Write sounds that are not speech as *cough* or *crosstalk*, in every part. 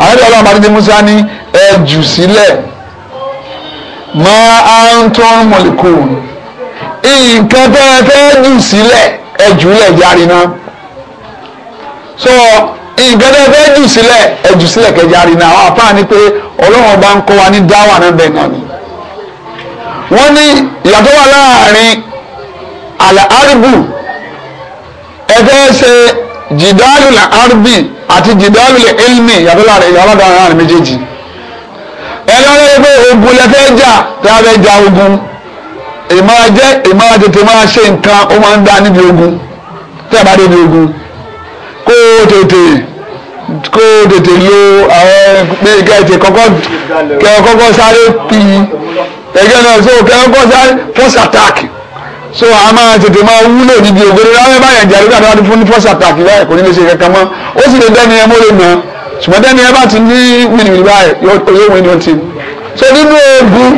àwọn ìyá ọlọ́run bá dídí musa ní ẹ jù sílẹ̀ mọ́ àǹtọ́n nǹkan tẹ́ ẹ fẹ́ jù sílẹ̀ ẹ lẹ̀ járe náà so nǹkan tẹ́ ẹ fẹ́ jù sílẹ̀ ẹ jù sílẹ̀ kẹjáre náà àwọn àpá ni pé ọlọ́run bá ń kọ́ wa ní dáwà náà bẹ́ẹ̀ náà ni wọ́n ní ìyàtọ̀ wà láàrin àlẹ́ ẹ fẹ́ ṣe jìdáàlù lè arbi àti jìdáàlù lè ilmi yàtọ̀ láàrin ìyá ọlọ́dọ̀ àárín méjèèjì ẹni wọn lè pé ogun lè fẹ́ jà tí a fẹ́ ja ogun ìmọ̀ jẹ́ ìmọ̀ tètè máa ṣe nǹkan ó máa ń dá níbi ogun tẹ́ ẹ bá dé níbi ogun kó tètè kó tètè lo àwọn pé kẹ́ẹ̀tì kọ́kọ́ kẹ́ẹ̀ sáré pì í ẹ̀gẹ́ náà so kẹ́ẹ̀ sáré first attack so a máa tètè máa wúlò níbi ògbére láwọn báyà ń jàdúrà tó wá fún fọ́sà pàkì báyìí kò ní lè ṣe kankan mọ́ ó sì lè dẹ́ni ẹ mọ́ lè nà ṣùgbọ́n dẹ́ni ẹ bá ti ní wìnìwìnì báyìí yóò win your team so nínú ogun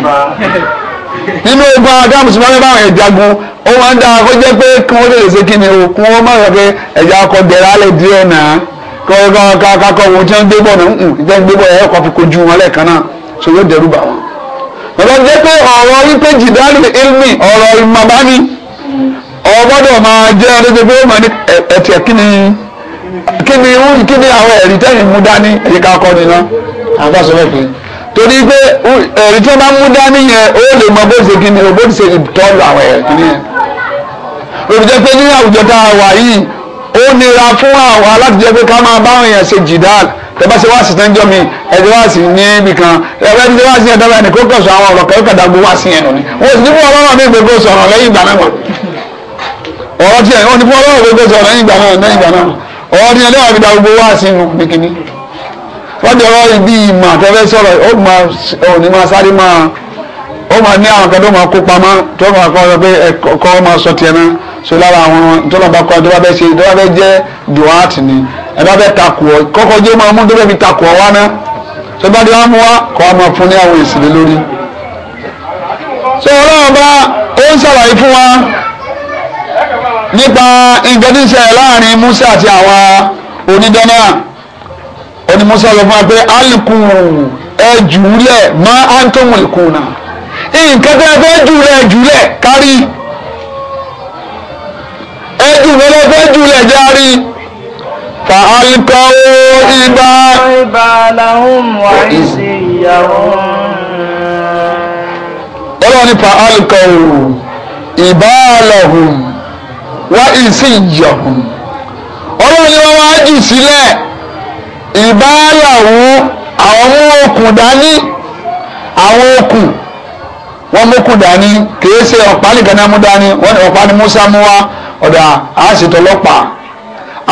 nínú ogun adam sì máa ń bá àwọn ìjagun ó máa ń dá akọ jẹ́ pé kí wọ́n lè ṣe kí ni o kí wọ́n máa sọ pé ẹ̀já ọkọ̀ gẹ̀rẹ́ alẹ́ díẹ̀ náà kọ́kọ́ kakọ́ wọn tí wọ́n gbé bọ̀ náà ń jẹ́ gbé bọ̀ ẹ̀ ọkọ̀ fi kojú wọn lẹ́ẹ̀kan náà so yóò ọlọ́run jẹ́ pé ọ̀rọ̀ wípé jìdárì ilmi ọ̀rọ̀ ìmọ̀bání ọgbọ́dọ̀ máa jẹ́ ọdún pé ó máa ní ẹ̀tẹ̀ kí ni kí ni irú kí ni àwọn ẹ̀rí tẹ́yìn mú dání èyí ká kọ́ ni ná àbáṣọ mẹ́fẹ́ torí pé ẹ̀rí tí wọ́n bá mú dání yẹn ó lè mọ bó ṣe kí ni bó ṣe tọ́lu àwọn ẹ̀rí kí ni yẹn òbí jẹ́ pé ní àwùjọ tá a wà yìí ó nira fún àwọn aláàtijọ́ pé ká máa bá àwọn èèyàn ṣe jìdárì tẹ́bá ṣe wá sí tẹ́jọ́ mi ẹ̀jẹ̀ wá sí ní ibì kan ẹ̀rọ ẹ̀jẹ̀ wá sí ẹ̀dọ́rọ̀ ẹni kó kọ̀ sọ àwọn ọ̀rọ̀ kẹ́kẹ́ kàdá wá sí ẹnu ni wọ́n sì ní fún ọlọ́run ní ìgbégbó sọ̀rọ̀ lẹ́yìn ìgbà náà ọ̀rọ̀ tiẹ̀ wọ́n ní fún ọlọ́run ìgbégbó sọ̀rọ̀ lẹ́yìn ìgbà náà lẹ́yìn ìgbà náà ọ̀rọ̀ tiẹ̀ lẹ́wọ̀n kàdá gbó wá sí inú ní kíní. wọ́n ti ọ̀rọ̀ ibi ìmọ̀ àtẹ́fẹ́ sọ̀rọ̀ ó ní máa sáré máa ó máa ní àwọn kan tó máa kó pamọ́ tó máa kọ́ pé ẹ̀kọ́ máa sọ tiẹ̀ náà so lára àwọn tó lọ́ba kọ́ tó bá fẹ́ ṣe tó bá fẹ́ jẹ́ duwat ni ẹ bá bẹ takò ọ kọ́kọ́ jẹ́ máa mú débẹ̀ mi takò ọ wá ná sọ́bàdì wa mú wa kọ́ ọ máa fún ní àwọn èsì lé lórí. sọ ọlọ́run bá ó ń ṣàlàyé fún wa nípa nǹkan tí ń ṣẹlẹ̀ láàrin Musa àti àwọn onídọ́nà oní Musa sọ fún wa pé alikun ẹ jùúlẹ̀ mọ́ antomulikuna nǹkan tí a fẹ́ jùlẹ̀ jùlẹ̀ kárí ẹ jùlẹ̀ fẹ́ jùlẹ̀ járí. فألقوا حبالهم وعصيهم ọlọ́ni fa alukọ̀wò ìbálọ̀hùn wá ìsì ìyọ̀hùn ọlọ́ni wọn wá jù sílẹ̀ ìbálọ̀hùn àwọn mú okùn dání àwọn okùn wọn mú okùn dání kìí ṣe ọ̀pá nìkan náà mú dání wọn ni ọ̀pá ni Musa mú wá ọ̀dà àṣetọ̀lọ́pàá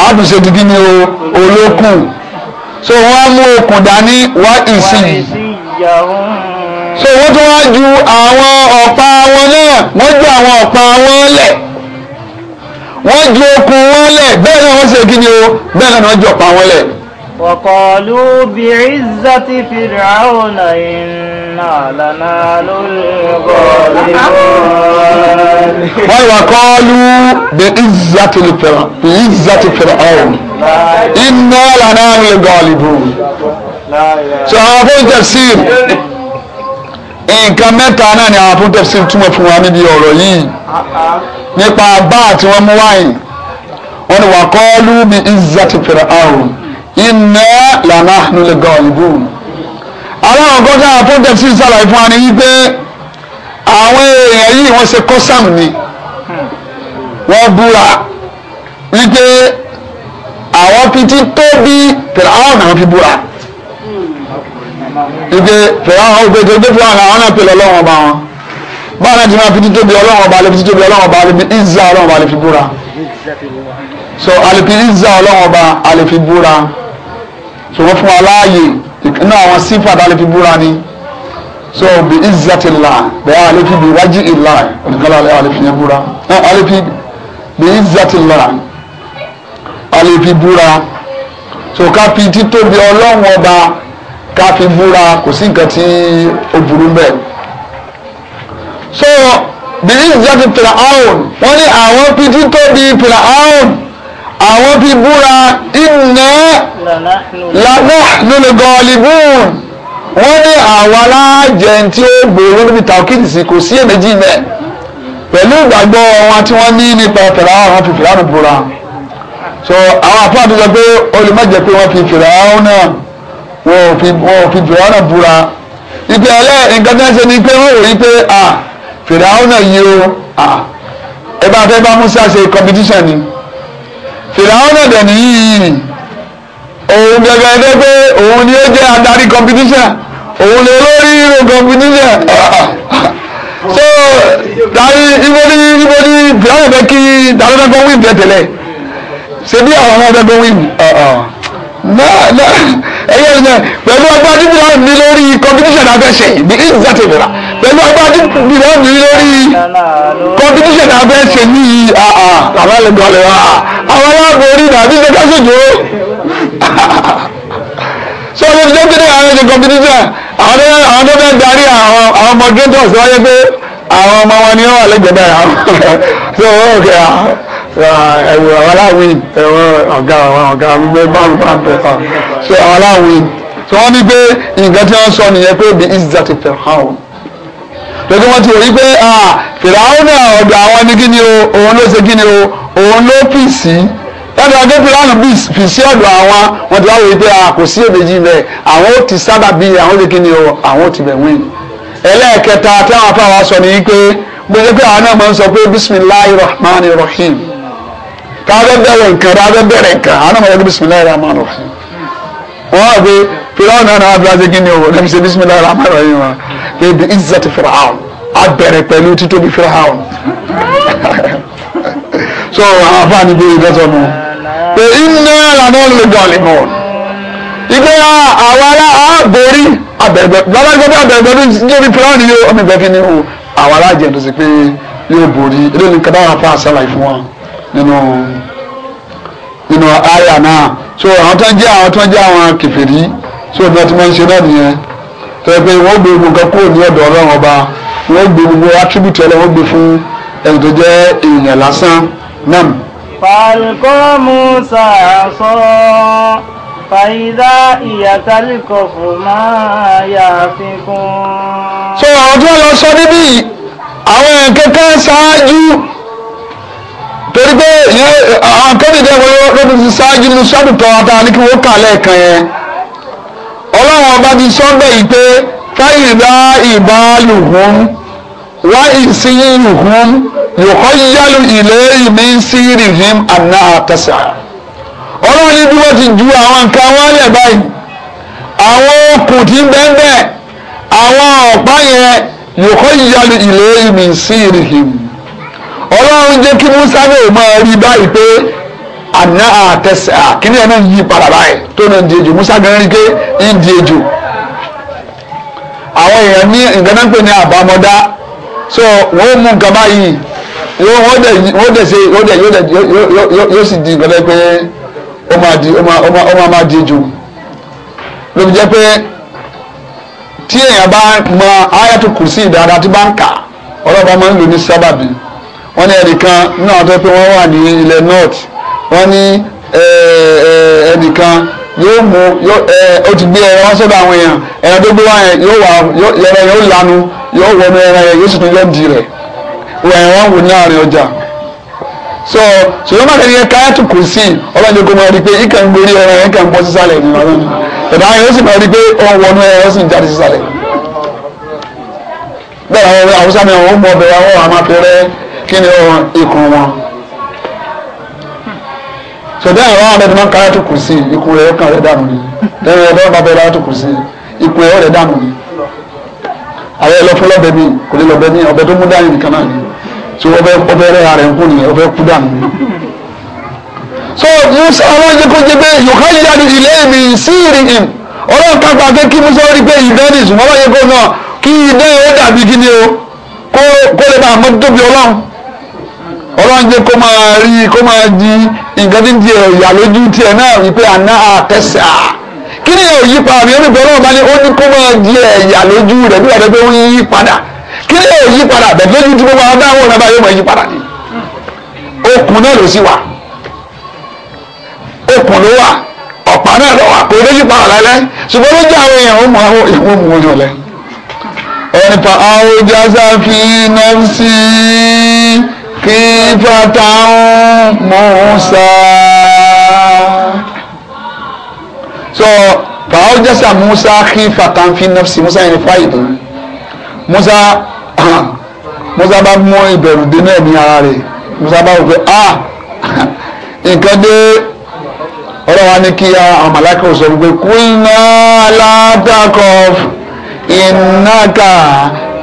àádùnṣe dídí ni o olókùn so wọ́n mú okùn dání wá ìsìn so wọ́n tún wá ju àwọn ọ̀pá wọn náà wọ́n ju àwọn ọ̀pá wọn lẹ̀ wọ́n ju okùn wọn lẹ̀ bẹ́ẹ̀ náà wọ́n ṣe kí ni o bẹ́ẹ̀ náà wọ́n ju ọ̀pá wọn lẹ̀. وقالوا بعزة فرعون إنا لنال الغالبون وقالوا بعزة فرعون بعزة فرعون إنا لنال الغالبون sọ̀rọ̀ fún tẹ̀síìr nǹkan mẹ́ta náà ni àwọn fún tẹ̀síìr túmọ̀ fún wa níbi ọ̀rọ̀ yìí nípa bá àti wọ́n mú wáyìn wọ́n ní wàá kọ́ lù mí ìzàtì iná lànà nílẹ̀ gọ̀ọ̀lùbùn àwọn ọ̀gọ́gá project sí sàlàyé fún wa ni wípé àwọn èèyàn yìí wọ́n ṣe kọ́sàm ni wọ́n búra wípé àwọn fi ti tóbi pẹ̀lú àwọn náà fi búra wípé pẹ̀lú àwọn ògbèjì ògbèjì àwọn àwọn náà pẹ̀lú ọlọ́wọ́n ọba wọn báwọn náà ti máa fi ti tóbi ọlọ́wọ́n ọba lè fi ti tóbi ọlọ́wọ́n ọba lè fi ìzà ọlọ́wọ́n ọba lè fi búra so àlè fi ìzà ọlọ́wọ́n ọba àlè fi búra so wọ́n fún wa láàyè ìkànnì àwọn sífà tá a lè fi búra ni so bi izzati Allah bẹ́ẹ̀ a lè fi bi wájú ìlà oníkàlà a lè fi yẹn búra eh, a fi bi izzati Allah a lè fi búra so ká fi títóbi ọlọ́run ọba ká fi búra kò sí nǹkan tí ó burú bẹ́ẹ̀ so bi izzati Fir'aun wọ́n ní àwọn fi títóbi Fir'aun àwọn fi búra inna lanahnu al-ghalibun wọ́n ní àwa aláàjẹ tí ó gbòòrò níbi tàókìtì sí kò sí èméjì mẹ́ pẹ̀lú ìgbàgbọ́ wọn tí wọ́n ní nípa ọ̀pẹ̀lá àwọn fi fìlà búra so àwọn àpá àti sọ pé olùmọ̀jẹ̀ pé wọ́n fi fìlà náà wọ́n ò fi fìlà náà búra ibi ẹlẹ́ nǹkan tí wọ́n ṣe ni pé wọ́n rò yí pé à fìlà náà yí o à ẹ bá fẹ́ bá Musa ṣe competition ni fìlàwọ́n ẹ̀dẹ̀ nìyí òun gẹ́gẹ́ ẹ̀dẹ́ pé òun ni ó jẹ́ adarí competition òun lè lórí irun competition so dari ibo ni ibo ni fìlàwọ́n ẹ̀dẹ́ kí dalódé gbọ́ wíìmù tẹ̀tẹ̀lẹ̀ ṣe bí àwọn ọmọ ẹ̀dẹ́ gbọ́ wíìmù náà náà ẹ̀yẹ́ ìyẹn pẹ̀lú ọgbà tí fìlàwọ́n ní lórí competition abẹ́ṣẹ̀ bí ìzàtẹ̀mìíràn pẹ̀lú agbára tí mi náà mi lórí competition abẹ́ ṣe ní àbá lè gbọ́lẹ̀ wá àwọn aláàbò orí ìdàbí ṣe káṣojú so ló ti jẹ́ pé àwọn ṣe competition àwọn tó fẹ́ darí àwọn moderators wáyé pé àwọn ọmọ wọn ni wọn wà lẹ́gbẹ̀ẹ́ báyìí àwọn *laughs* so ok ah, ah, ẹwù àwọn aláwìn ẹwọ ọ̀gá àwọn ọ̀gá gbogbo báwọn bá ń bẹ fà so àwọn aláwìn so wọn ní pé nǹkan tí wọn sọ nìyẹn pé the east that is the house pẹ̀lú wọn ti wòye pé fìràwọ́nà ọ̀dọ̀ àwọn ní kíni o òun ló ṣe kíni o òun ló fì sí lọ́dọ̀ ọdún fìlànà fì sí ọ̀dọ̀ àwọn wọn ti wá wòye pé kò sí èméjì bẹ́ẹ̀ àwọn ó ti sábà bí àwọn lè kíni o àwọn ó ti bẹ̀ wín. ẹlẹ́ẹ̀kẹta táwọn afáwa sọ ni pé gbèsè pé àwọn náà máa ń sọ pé bisimilahi rahman rahim káwọn bẹ̀rẹ̀ nǹkan káwọn bẹ̀rẹ̀ nǹkan àwọn náà máa ń sọ pé bisimilahi rahman rahim. wọ́n á gbé fìràwọn náà náà bí wọ́n ṣe kí ni o lẹ́mi ṣe bisimilayi rahman rahim wa kí ibi izzati fìràwọn a pẹ̀lú títóbi fìràwọn so àwọn ni bí i dọ́tọ̀ nù pé iná lànà lè dọ̀lì mọ́ ìgbé àwọn a àbórí abẹ̀rẹ̀ bàbá ìgbà bí abẹ̀rẹ̀ pẹ̀lú títóbi fìràwọn yóò ọmọ ìgbà kí ni o àwọn ará jẹ̀ tó ṣe pé yóò borí ilé ní kadára fún àṣàlàyé fún wọn nínú nínú àyà náà so àwọn tó ń jẹ́ àwọn tó ń jẹ́ àwọn kèfèrí tí òun ti máa ń ṣe náà nìyẹn tẹ́lẹ̀ pé wọ́n gbé gbogbo nǹkan kúrò ní ọ̀dọ̀ ọlọ́run ọba wọ́n gbé gbogbo attribute ọlọ́run gbé fún ẹni tó jẹ́ èèyàn lásán náà. fàlùkọ́ musa sọ fàyídá ìyàtàlíkọ̀ fún máa yà fi kún. so àwọn tí wọ́n lọ sọ níbí àwọn kẹ̀kẹ́ ṣáájú torí pé àwọn kẹ́kẹ́ ìdẹ́wọ̀ ló ti ṣáájú nínú sọ́dún tọ́ ata ní kí wọ́n kà lẹ́ẹ̀kan yẹn ọlọ́run ọba ti sọ́bẹ̀ yìí pé káyìdá ìbálùhún wá ìsìnyìnhún yòókọ́yálù ilé ìmí sírìhìn àná àtẹ̀sà ọlọ́run ní bí wọ́n ti ju àwọn nǹkan wọn lẹ̀ báyìí àwọn okùn ti ń bẹ́ńbẹ́ àwọn ọ̀pá yẹn yòókọ́yálù ilé ìmí sírìhìn ọlọ́run jẹ́ kí musa náà máa rí báyìí pé àná àtẹsẹ̀ àkíní ẹ̀ náà yí padà báyìí tó náà di ejò musa gan rí pé ń di ejò àwọn èèyàn ní nǹkan náà ń pè ní àbámọ́dá so wọ́n mú nǹkan báyìí wọ́n dẹ̀ wọ́n dẹ̀ ṣe wọ́n dẹ̀ yóò dẹ̀ yóò sì di nǹkan pé ó máa di ó máa ó máa máa di ejò ló fi jẹ́ pé tí èèyàn bá mọ ayatu kùsì dáadáa tí bá ń kà ọlọ́ba máa ń lò ní sábàbí wọ́n ní ẹnìkan náà tó pé wọ́n wà ní ilẹ̀ north wọ́n ní ẹnìkan yóò mú ó ti gbé ẹran sọ́dọ̀ àwọn èèyàn ẹran tó gbé wá yẹn yóò wà ẹran yóò lanu yóò wọnú ẹran yẹn yóò sì tún lọ́ọ̀dì rẹ̀ wọ ẹran wò ní àárín ọjà so ṣùgbọ́n bàtà yẹn káyà tó kù sí ọlọ́run kò máa rí i pé ìkà ń gorí ẹran yẹn kà ń bọ́ sísàlẹ̀ ní ọlọ́run ẹ̀dá yẹn ó sì máa rí i pé ó ń wọnú ẹran sì ń jáde sísàlẹ̀ bẹ́ẹ̀ àwọn àwọn àwọn sọdẹ àwọn ọmọ ẹni máa ń kára tó kùsì ikú rẹ ọkàn rẹ dànù ni lẹ́yìn ẹ̀dá ọmọ abẹ́rẹ́ tó kùsì ikú rẹ ọrẹ dànù ni àwọn ẹlọfún lọbẹ mi kò lè lọbẹ mi ọbẹ tó mú dání nìkan náà ni tí ọbẹ ọbẹ rẹ ara ẹ ń kú nìyẹn ọbẹ kú dànù ni. so musa àwọn ìjẹkọjẹ pé yòókà yíyá ni ilé mi sí ìrìn ọlọ́run kápá pé kí musa rí pé ìdẹ́ ni ìsùnmọ́ lọ́yẹ kó náà kí ìdẹ́ ó dàbí kí ni o kó lè bá àmọ́ tóbi ọlọ́run ọlọ́run jẹ́ kó máa rí kó máa di nǹkan tí ń tiẹ̀ yà lójú tiẹ̀ náà wípé àná àtẹ̀sà kí ni yóò yí padà yóò bẹ̀rẹ̀ wọn bá ní ó ní kó máa di ẹ̀yà lójú rẹ̀ bí wàá pé ó ń yí padà kí ni yóò yí padà bẹ̀rẹ̀ lójú tí gbogbo àwọn dáhùn ọ̀nà bá yóò máa yí padà ni okùn náà ló sì wà okùn ló wà ọ̀pá náà lọ wà kò lè yí padà lálẹ́ ṣùgbọ́n lójú àwọn èèyàn ó mọ àwọn ìwọ̀n mú wọn lọ lẹ́ ẹ̀rìpà àwọn ojú àṣà fi náà sí i. خيفة Musa. so فأوجس موسى خيفة في نفسه موسى yẹn fáyì tó Musa Musa bá mú ìbẹ̀rù dé náà ní ara rẹ̀ Musa bá wò pé ah *coughs* nǹkan dé ọlọ́wà ní kí àwọn màláìkà sọ wípé kúlná látàkọ̀ ìnáka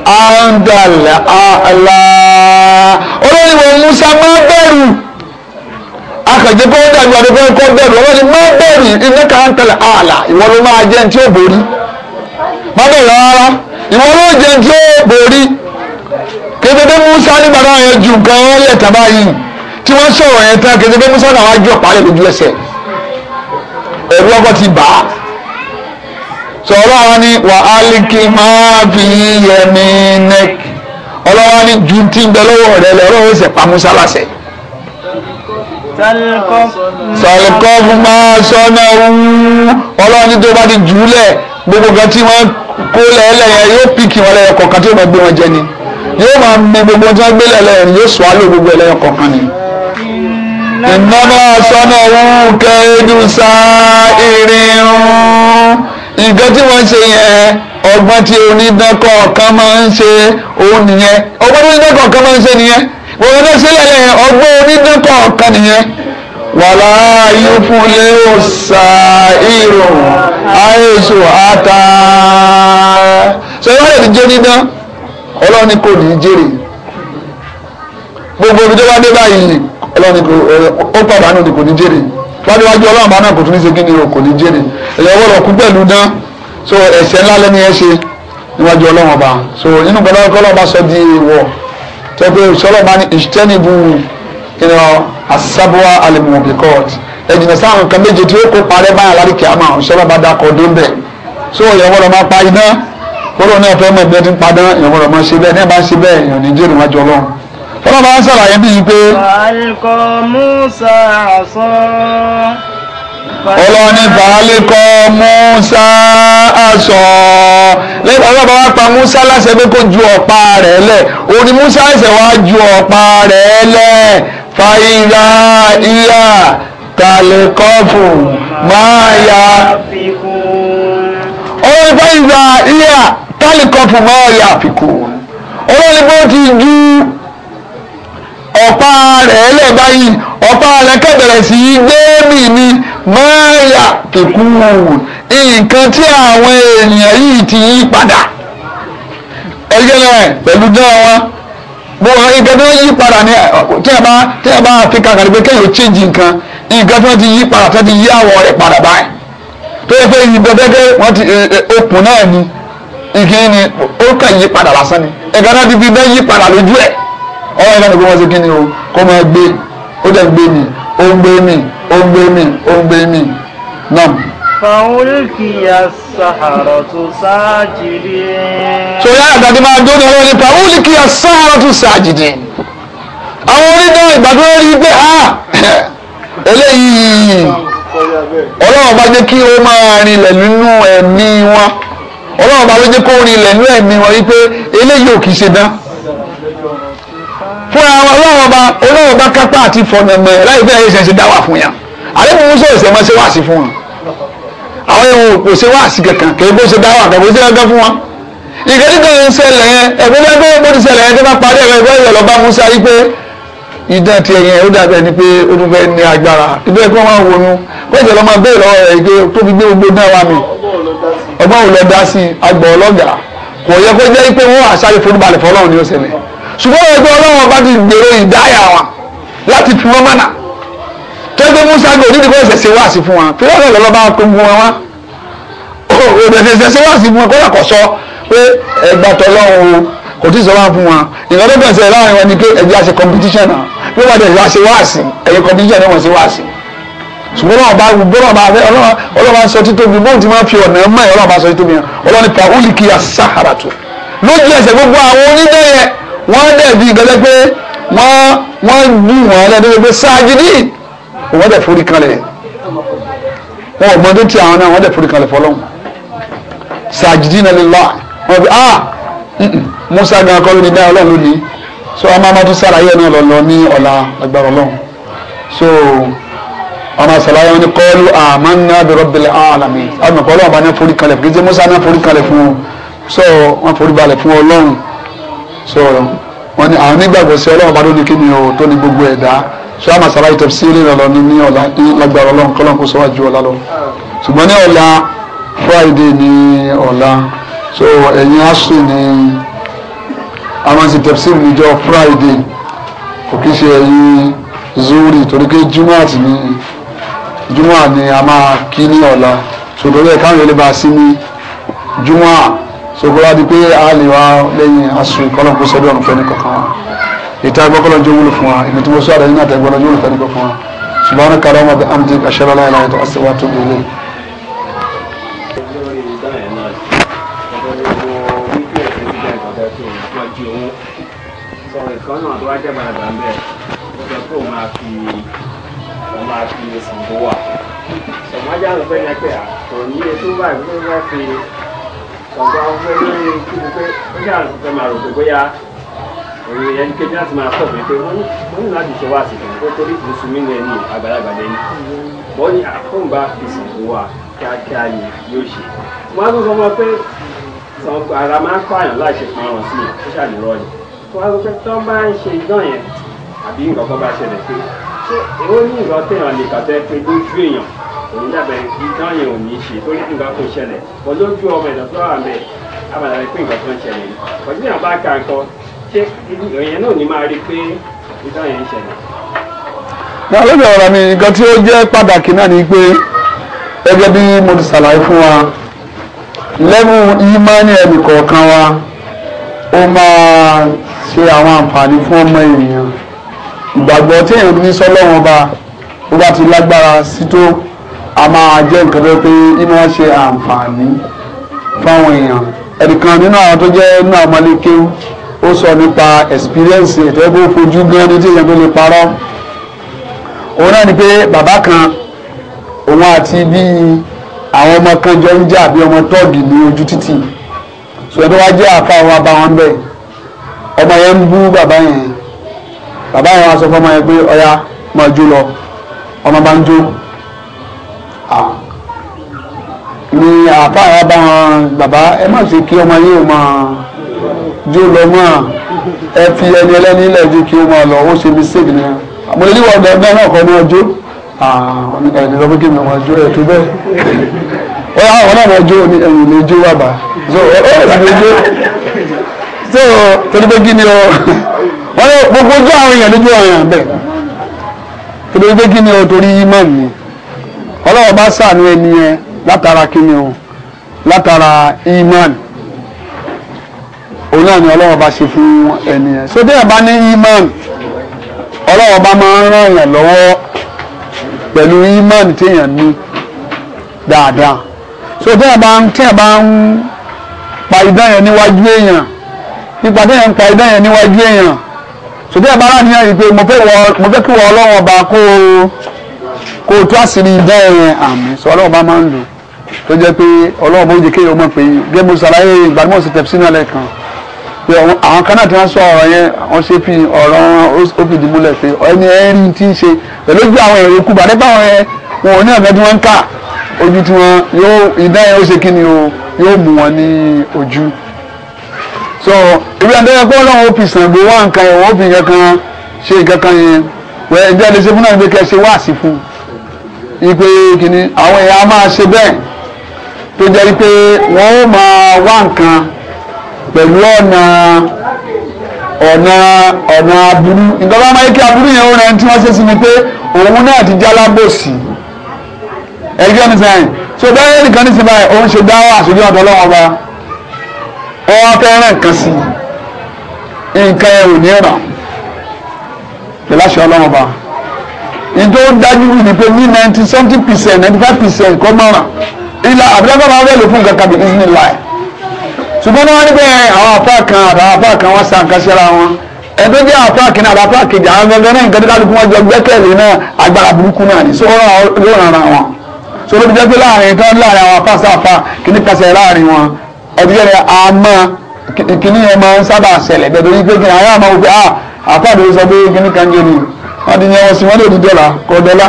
andal ala olóyìnbó musa má bẹ̀rù akàjẹ́ pé ó dàbí àdúgbò ẹ̀kọ́ bẹ̀rù ọlọ́ni má bẹ̀rù iná kà ń tẹ̀lé àlà ìwọ ló máa jẹ́ tí ó borí má bẹ̀rù rárá ìwọ ló jẹ́ tí ó borí kedede musa ní bàbá yẹn ju nǹkan yẹn lẹ̀ tàbá tí wọ́n sọ̀rọ̀ yẹn tán kedede musa náà wá jọ pálẹ̀ lójú ẹsẹ̀ ẹ̀rú ọkọ̀ ti bàá sọ̀rọ̀ wọn ni wà á lè kí máa fi yẹmi nẹ́kì ọlọ́wọ́ ni ju ti ń bẹ lọ́wọ́ rẹ lọ́wọ́ ó sì pa musa láṣẹ. sọ̀rọ̀ fún máa sọ́nà ọlọ́wọ́ ni tó bá ti jù ú lẹ̀ gbogbo nǹkan tí wọ́n kó lẹ́ẹ̀lẹ̀ yóò pìkì wọn lẹ́yìn kọ̀ọ̀kan tí yóò gbé wọn jẹ ni yóò máa mẹ gbogbo tí wọ́n gbé lẹ́ẹ̀lẹ̀ yẹn yóò sọ àlọ́ gbogbo ẹlẹ́yìn kọ̀ọ̀kan ni. ìnáná sọ́nà òun kẹ́ ẹdùn sáà ìrìn nǹkan tí wọ́n ń ṣe yẹn ọgbọ́n tí onídàkọ̀ kan máa ń ṣe òun nìyẹn ọgbọ́n tí onídàkọ̀ kan máa ń ṣe nìyẹn wọ́n lọ sílẹ̀ yẹn ọgbọ́n onídàkọ̀ kan nìyẹn. wàlá yìí fún lé òòsà ìrò àìsù àtà. sọ yóò lè jẹ́ dídán ọlọ́run ni kò ní í jèrè gbogbo ibi dé báyìí ọlọ́run ni kò ó pàdánù ni kò ní í jèrè wájú ọlọ́run bá náà kò tún ní ṣe kí o kò ní jèrè èèyàn wọ́n lọ kú pẹ̀lú dán so ẹ̀ṣẹ̀ ńlá lẹ́ni ẹ ṣe níwájú ọlọ́run so inú gbọ́dọ̀ ọlọ́run bá sọ di èèwọ̀ tó pé ìṣọ́lọ́run bá ní ìṣtẹ́nìbù ìrọ̀ àṣàbọ̀wá alẹ́mọ̀bìkọ́t ẹ̀jìnà sáwọn nǹkan méje tí ó kó parẹ́ báyà lárí kìámà ìṣọ́lọ́run bá dákọ̀ bẹ̀ so èèyàn wọ́n lọ máa pa iná kóró náà fẹ́ mọ̀ bí wọ́n ti ń padà èèyàn wọ́n lọ máa ṣe bẹ́ẹ̀ ọlọ́ba ń ṣàlàyé bíi pé. fàálkọ Musa àṣọ. ọlọ́ni fàálkọ Musa àṣọ. lẹ́yìn ọlọ́ba wá pa Musa láṣẹ pé kó ju ọ̀pá rẹ̀ lẹ̀ òní Musa ẹ̀sẹ̀ wá ju ọ̀pá rẹ̀ lẹ̀ fàyíra ìyá kàlẹ́kọ́fù máa ya. ọlọ́ni fàyíra ìyá kàlẹ́kọ́fù máa ya àfikún. ọlọ́ni bó ti ju ọ̀pá rẹ̀ lẹ̀ báyìí ọ̀pá rẹ̀ kẹ̀bẹ̀rẹ̀ sí í gbé mi ni máyà kíkú nǹkan tí àwọn èèyàn yìí ti yí padà ẹgbẹ́ pẹ̀lú dán wọn bó nǹkan tí wọ́n yí padà ní tí ẹ bá tí ẹ bá fi kankan pé kéèyàn change nǹkan nǹkan tí wọ́n ti yí padà tí wọ́n ti yí àwọ̀ rẹ̀ padà báyìí tó yẹ pé ìdọ̀dẹ́dẹ́ wọ́n ti okùn náà ni ìkíni ó kàn yí padà lásán ni ẹ̀ka náà ti fi bẹ́ẹ̀ yí padà lójú ẹ̀ ọwọ́ ìlànà gbé wọn sí kíni o kó máa gbé ó dẹ̀ gbé mi ó ń gbé mi ó ń gbé mi ó ń gbé mi náà. fàwùlìkìyà sàhàrọ̀ tó sáàjìdì. sori àgbàdo máa dún ní ọlọ́run ní fàwùlìkìyà sàhàrọ̀ tó sáàjìdì. àwọn onídàá ìgbàdo rí i pé a *laughs* eléyìí ọlọ́run bá jẹ́ kí ó máa rinlẹ̀ nínú ẹ̀mí wọn ọlọ́run bá ló jẹ́ kó rinlẹ̀ nínú ẹ̀mí wọn wípé eléyìí ò kì ṣe dán fúnra wọn ọlọ́wọ́n bá ọlọ́wọ́n bá kápá àti fọ̀nàmọ́ láì fẹ́ ẹ̀yẹ ṣẹ̀ṣẹ̀ dá wà fún yà àlẹ́ mi wúṣọ ìṣẹ̀mọ́ ṣe wáàsí fún wọn àwọn èèyàn kò ṣe wáàsí kankan kì í bó ṣe dá wà kankan kò ṣe kankan fún wọn. ìkẹ́lí kan ń ṣẹlẹ̀ yẹn ẹ̀gbẹ́ bá gbé bó ti ṣẹlẹ̀ yẹn tó bá parí ẹ̀rọ ìgbẹ́ ìyọ̀ lọ́ba musa yí pé idán tiẹ̀ yẹn ó dàbẹ̀ ni pé ó tún fẹ́ ní agbára ibẹ̀ kí wọ́n máa wọnú péjọ lọ́ máa bẹ́ẹ̀ lọ́wọ́ rẹ̀ pé tó fi gbé gbogbo náà wá mi ọgbọ́n ò sí agbọ̀ ọlọ́gà kò yẹ kó jẹ́ pé wọ́n àṣàyè fúnbalẹ̀ fọlọ́run ni ó ṣẹlẹ̀ ṣùgbọ́n ẹgbẹ́ ọlọ́wọ́n bá ti gbèrò ìdáyà wọn láti fi wọn mọ́nà tẹ́gbẹ́ musa gbé òdìdí kó ẹsẹ̀ ṣe wáàsí fún wọn fílẹ̀ ọ̀rẹ́ lọ́lọ́ bá wọn kó wọn wá òdìdí ṣe wáàsí fún wọn kó yàkọ̀ sọ pé ẹgbà tọ́lọ́run o kò tí ì sọ wá fún wọn ìgbà tó bẹ̀rẹ̀ láàrin wọn ni pé ẹ̀jẹ̀ àṣẹ competition náà bí wọ́n dẹ̀ wá ṣe wáàsí ẹ̀yẹ competition náà wọ́n ṣe wáàsí ṣùgbọ́n náà bá gbọ́dọ̀ bá fẹ́ ọlọ́wà sọ títóbi bóun ti máa fi ọ̀nà mọ́ ẹ̀ ọlọ́wà sọ títóbi yẹn ọlọ́ni pàwọ́lì kìí àṣàhàrà tó lójú ẹsẹ̀ gbogbo àwọn onídẹ́yẹ wọ́n dẹ̀bi gẹ́gẹ́ pé wọ́n wọ́n lù wọ́n lẹ́nu pé sáájìdì wọ́n dẹ̀ forí kanlẹ̀ wọn ò mọdún tí àwọn náà wọ́n dẹ̀ forí kanlẹ̀ fọlọ́hún sáájìdì náà lè lọ wọn bí ah Musa gan akọ́lù ní dáa ọlọ́run lónìí so ọmọ amadu sàlàyé náà lọ lọ ní ọ̀la agbára ọlọ́run so ọmọ sàlàyé wọn ni kọ́lù àmánà bi rabbil alamin ọmọ kọ́lù ọba náà forí kanlẹ̀ fún kí ṣe Musa náà forí kanlẹ̀ fún so wọ́n forí balẹ̀ fún ọlọ́run so wọ́n ní àwọn onígbàgbọ́ sí ọlọ́run bá ló ní kíni o tó ní gbogbo ẹ̀dá so àmà sábà ìtọ́ sí ilé ìrọ̀lọ́ ní ní ọ̀la ní lágbára ọlọ́run kọ́lọ́n kó sọ́wájú ọ̀la lọ ṣùgbọ́n ní ọ̀la friday ní ọ̀la so ẹ̀yìn asùn ní àwọn sì tẹ̀síìrì níjọ́ friday kò kí ṣe ẹ̀yìn zuri torí pé jumọ́ àti ní ni a máa kí ní ọ̀la so torí ẹ̀ káwọn yẹn lè bá sí ní jumọ́ ṣùgbọ́n wá di pé a lè wá lẹ́yìn aṣọ ìkọlọ̀ kó sọ́dọ̀ ọ̀nà fẹ́ni kankan wa ìta gbọ́kọ̀lọ́ jẹ́ wúlò fún wa ìmì tí mo sọ àdáyé náà tẹ́gbọ́n jẹ́ wúlò fẹ́ni kankan wa ṣùgbọ́n kàrọ́ ọmọ bẹ amdi aṣọ́lá láyé láyé tó a sì wá tó gbélé. kan náà tó wá jẹ́ ló fẹ́ yẹ pé à ní iye báyìí ló fẹ́ fi kàǹgbà ọ̀fẹ́ lórí kí mo fẹ́ ó ṣe àrùn fẹ́ máa rò pé bóyá òye ẹni kejì láti máa pọ̀ pé wọ́n ní láti ṣe wá sí torí mùsùlùmí ní àgbàlagbà lẹ́yìn wọ́n ní ìsìnkú wa kíákíá ni yóò ṣe wọ́n á tún sọ fún pé sọ̀rọ̀ ara máa láìṣe pọn ọ̀rọ̀ sí i ó ṣàlùrọ̀ ni wọ́n á sọ pé tó bá ń ṣe idán yẹn àbí nǹkan kan bá ṣẹlẹ̀ pé ṣé èwo ní nǹkan téèyàn lè kàtẹ́ pé lójú èèyàn òun náà ọ̀rọ̀ mi nǹkan tí ó jẹ́ pàtàkì náà ni pé gẹ́gẹ́ bí mo ti ṣàlàyé fún wa lẹ́mú ìmánì ẹnì kọ̀ọ̀kan wa ó máa ṣe àwọn àǹfààní fún ọmọ ènìyàn ìgbàgbọ́ tí ní sọ́lọ́wọ́n ba ó bá ti lágbára sí tó a máa jẹ́ nǹkan tó pé ìmọ̀ ṣe àǹfààní fáwọn èèyàn ẹnìkan nínú àwọn tó jẹ́ nínú àmọ́lékéwú ó sọ nípa experience ìtẹ́gbó fojú gan ní tí èèyàn tó lè parọ́ òun náà ni pé bàbá kan òun àti bíi àwọn ọmọ kan jọ ń jà bí ọmọ tọ́ọ̀gì ní ojú títì ṣùgbọ́n tó wá jẹ́ àfa àwọn abá wọn bẹ́ẹ̀ ọmọ yẹn ń bú bàbá yẹn bàbá yẹn wá sọ fún ọmọ yẹn pé ọya máa jó lọ ọmọ bá ń jó ni àfáà bá wọn bàbá ẹ má ṣe kí ọmọ yìí ó máa jó lọ mọ́ ẹ fi ẹni ẹlẹ́ni ilẹ̀ ju kí ó máa lọ ó ṣe mistake ni àmọ́ ilé ìwọ̀n ọ̀dọ̀ náà kọ́ máa jó ẹni lọ́pẹ́ kí mi máa jó ẹ̀ tó bẹ́ẹ̀ wọ́n á wọn náà máa jó ní ẹ̀yìn lè jó wàbà so ó rẹ̀ sì lè jó so torí pé kí ni o wọ́n ní gbogbo ojú àwọn èèyàn lójú àwọn èèyàn bẹ́ẹ̀ torí pé kí ni o torí imọ̀ mi ọlọ́wọ́ bá sàánú ẹni yẹn látara kíni o látara iman òun náà ni ọlọ́wọ́ bá ṣe fún ẹni yẹn so bí ẹ bá ní iman ọlọ́wọ́ bá máa ń ràn yàn lọ́wọ́ pẹ̀lú iman téèyàn ní dáadáa so bí ẹ bá ń tí ẹ bá ń pa idán yẹn níwájú èèyàn nípa téèyàn ń pa idán yẹn níwájú èèyàn so bí ẹ bá ráàyè yẹn pé mo fẹ́ kí wọ́n ọlọ́wọ́ bá kó o kó o tó àṣírí idán yẹn àmì so ọlọ́wọ́ bá máa ń lò ó tó jẹ́ pé ọlọ́run bó jẹ́ kéèyàn mọ̀ pé gẹ́gẹ́ bó ṣàlàyé ìgbàgbọ́ sí tẹ̀sí náà lẹ́ẹ̀kan pé àwọn kan náà ti wọ́n sọ ọ̀rọ̀ yẹn wọ́n ṣe fi ọ̀rọ̀ ó fìdí múlẹ̀ pé ẹni ẹni tí ń ṣe pẹ̀lú bí àwọn èrò kú bàdé báwọn yẹn wọn ò ní ọ̀gá tí wọ́n ń kà ojú tí wọ́n yóò ìdá yẹn ó ṣe kí ni o yóò mú wọn ní ojú. so ìwé àdáyẹ pé ọlọ́run ó fi Ṣàngó wá nǹkan yẹn wọ́n fi kankan ṣe kankan yẹn wẹ́ ẹ̀jẹ̀ lè ṣe fún náà ní pé kẹ́ ṣe wáàsí fún un. ìpè kìnnì àwọn èèyàn á máa ṣe bẹ́ẹ̀ tó jẹ́ wípé wọ́n ó máa wá nǹkan pẹ̀lú ọ̀nà ọ̀nà ọ̀nà aburú ìjọba máa yẹ kí aburú yẹn ó rẹ tí wọ́n ṣe sí ni pé òun náà ti jálábòsì ẹgbẹ́ mi sẹ́yìn so bẹ́ẹ̀ nìkan nísìnyí báyìí òun ṣe dá àṣojú ọ̀dọ́ ọlọ́wọ́n bá ọwọ́ fẹ́ràn nǹkan sí nǹkan ẹ̀ ò ní ràn pẹ̀lú àṣọ ọlọ́wọ́n bá nítorí dájú wí ni pé ní ninety seventy percent ninety five percent kọ́ mọ́ràn ilà àbúrẹ́fẹ́ máa wẹ́lò fún nǹkan kàbí ní ilà ẹ̀ ṣùgbọ́n náà wọ́n ní bẹ́ẹ̀ àwọn apá kan àtàwọn apá kan wọ́n sa nǹkan síra wọn ẹgbẹ́ jẹ́ apá kìíní àti apá kejì àwọn gẹ́gẹ́ náà nǹkan tó kálukú wọn jọ gbẹ́kẹ̀lé náà agbára burúkú náà ni so yóò ràn ara wọn so ló fi jẹ́ pé láàrin tán láàrin àwọn apá sáfà kìíní pàṣẹ láàrin wọn ẹbí yẹn a mọ kìíní yẹn máa ń sábà ṣẹlẹ̀ bẹ́ẹ̀ torí pé kìíní àwọn àmọ́ wò ah, ni wọ́n ti yẹn wọ́n sí wọ́n lè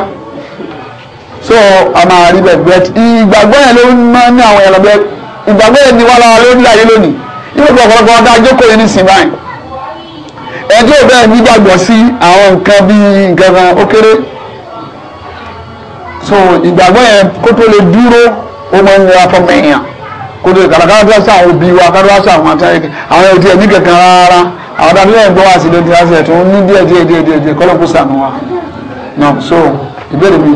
so a máa rí bẹ́ẹ̀ bẹ́ẹ̀ ìgbàgbọ́ yẹn ló máa ní àwọn ẹ̀rọ bẹ́ẹ̀ ìgbàgbọ́ yẹn ni wọ́n lára lórí ayé lónìí yóò gbọ́ ọ̀pọ̀lọpọ̀ ọ̀dà àjókòó yẹn ní sinbáyìn ẹjọ́ bẹ́ẹ̀ nígbàgbọ́ sí àwọn nǹkan bíi nǹkan kan ó kéré so ìgbàgbọ́ yẹn kó tó lè dúró ó máa ń nira fún mẹ́yìn kó tó lè kàràkàrà tó sá àwọn òbí wa kárọ́ sá àwọn àtàyè àwọn ẹ̀dí ẹ̀mí kankan rárá àwọn tàbí lẹ́yìn gbọ́ wá sí lóde láti ẹ̀ tó ń ní díẹ̀ díẹ̀ díẹ̀ díẹ̀ kọ́lọ́ kó sànù wa náà so ìbéèrè mi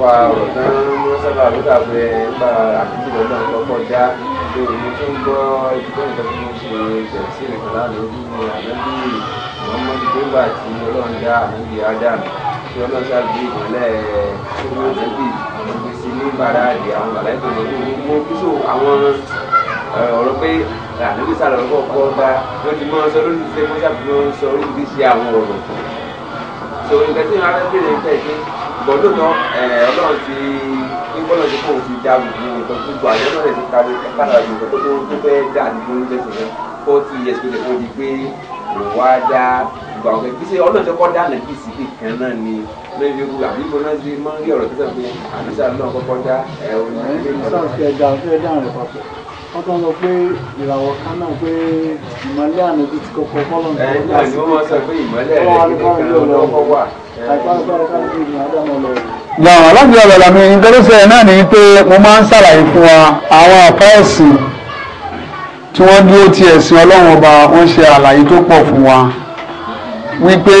nípa ọ̀rọ̀ tán ló sábà ló dàbí ẹ nípa àkíyèsí náà tó kọjá pé èmi tó ń gbọ́ ìgbẹ́ nǹkan tí mo ṣe ṣẹ̀ṣẹ̀ nìkan lánàá ojú mi ànábì Muhammad gbégbà tí ọlọ́run dá ànábì Ádámù tí ọlọ́run sábì ìmọ̀lẹ́ ànábì ìgbé sí ní bàràdì àwọn bàlá ìgbìmọ̀ tó ní mo kí so àwọn ọ̀rọ̀ pé ànábì sàlọ̀ ọkọ̀ ọba mọ́ sọ lórí ìṣẹ́ so nǹkan tí wọn fẹ́ bèrè fẹ́ pé gbọ́dọ̀ náà ọlọ́run ti ní bọ́lọ̀ tí kò fi dá gbogbo nǹkan gbogbo àjọ náà lè ti kárí kára yòókù tó tó tó fẹ́ dà ní oúnjẹ tòun kó ti yẹ sóde kó di pé kò wá dá dá àná kí ìsìnkì kan náà ni lórí gbogbo ń rí ọ̀rọ̀ tó sọ pé àbísà wọ́n tó ń sọ pé ìràwọ̀ kan náà pé ìmọ̀lẹ́ ànábi ti kọ́kọ́ fọ́lọ́ ní ọjọ́ àti ìgbà tó wà ní kọ́rin yóò lọ ọkọ̀ wà náà aláàbí ọ̀rọ̀ làmì ìdọ́lọ́sẹ̀ náà ni pé mo máa ń ṣàlàyé fún wa àwọn àfẹ́ẹ̀sì tí wọ́n dúró ti ẹ̀sìn ọlọ́run ọba wọ́n ṣe àlàyé tó pọ̀ fún wa wípé